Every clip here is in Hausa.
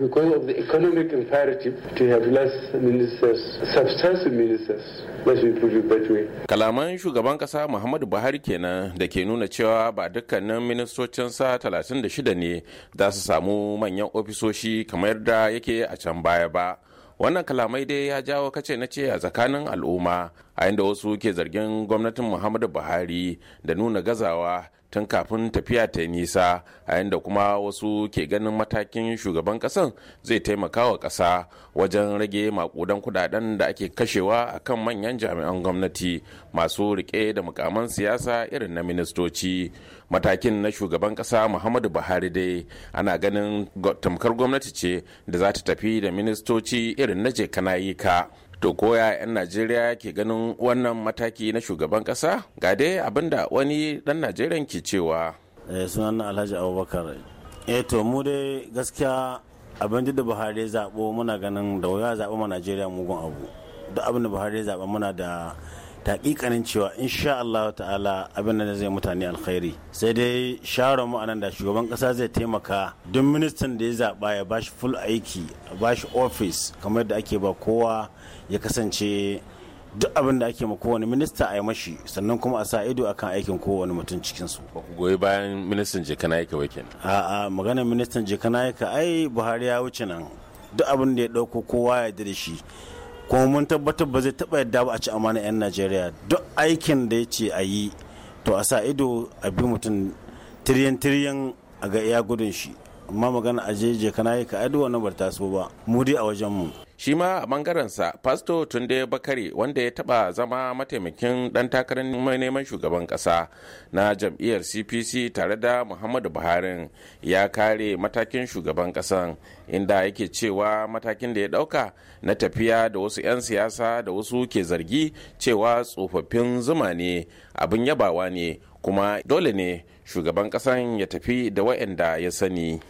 Because of the economic imperative to have less ministers, substantive ministers, let me put it that way. Kalaman shugaban kasa Muhammadu Buhari kenan da ke nuna cewa ba dukkanin ministocinsa 36 ne za su samu manyan ofisoshi kamar da yake a can baya ba. Wannan kalamai dai ya jawo kace na ce a tsakanin al'umma. a inda wasu ke zargin gwamnatin muhammadu buhari da nuna gazawa tun kafin tafiya ta nisa a inda kuma wasu ke ganin matakin shugaban kasan zai taimaka wa kasa wajen rage makudan kudaden da ake kashewa a kan manyan jami'an gwamnati masu rike da mukaman siyasa irin na ministoci matakin na shugaban kasa muhammadu buhari dai ana ganin tamkar gwamnati ce da za ta tafi da ministoci irin na je ka To koya 'yan Najeriya ke ganin wannan mataki na shugaban kasa? Ga dai abinda wani dan Najeriya ke cewa. Eh, sunan Alhaji Abubakar. Eh to mu dai gaskiya abin da Buhari ya zaɓo muna ganin da wuya zaɓo ma Najeriya mugun abu. Duk abin da Buhari ya zaɓa muna da taƙiƙanin cewa insha Allah ta'ala abin da zai mutane alkhairi sai dai sharon mu anan da shugaban kasa zai taimaka duk ministan da ya zaba ya bashi full aiki a bashi office kamar da ake ba kowa ya kasance duk abin da ake ma kowane minista a yi mashi sannan kuma a sa ido akan aikin kowane mutum cikin su ba ku goyi bayan ministan yake ba a a'a maganar ministan yake ai Buhari ya wuce nan duk abin da ya dauko kowa ya da shi kuma mun tabbatar ba zai taɓa yadda ba a ci amana 'yan najeriya duk aikin da ya ce a yi to a sa ido a bi mutum tiriyan tiriyan a ga iya gudun shi amma magana a jeje kana yi ka adu wani bar taso ba mu dai a wajen mu shi ma a bangarensa pasto tunde bakari wanda ya taba zama mataimakin dan takarar neman shugaban kasa na jam'iyyar cpc tare da muhammadu buhari ya kare matakin shugaban kasan inda yake cewa matakin da ya dauka na tafiya da wasu 'yan siyasa da wasu ke zargi cewa tsofaffin zuma ne abin yabawa ne kuma dole ne shugaban kasan ya tafi da wa'anda ya sani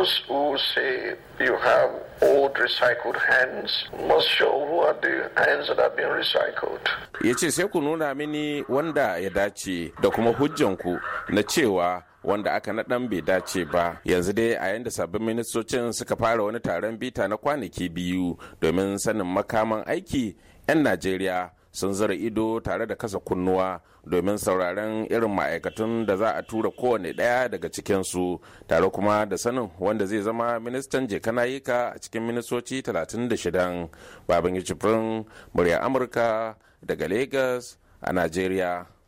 those who say you have old recycled hands must show who are the hands that have been recycled. Ya ce sai ku nuna mini wanda ya dace da kuma hujjanku na cewa wanda aka naɗan bai dace ba yanzu dai a yanda sabbin ministocin suka fara wani taron bita na kwanaki biyu domin sanin makaman aiki 'yan najeriya sun zara ido tare da kasa kunnuwa domin sauraren irin ma'aikatun da za a tura kowane ɗaya daga cikinsu tare kuma da sanin wanda zai zama ministan ka a cikin ministoci 36 babangiji cifrin murya amurka daga lagos a nigeria.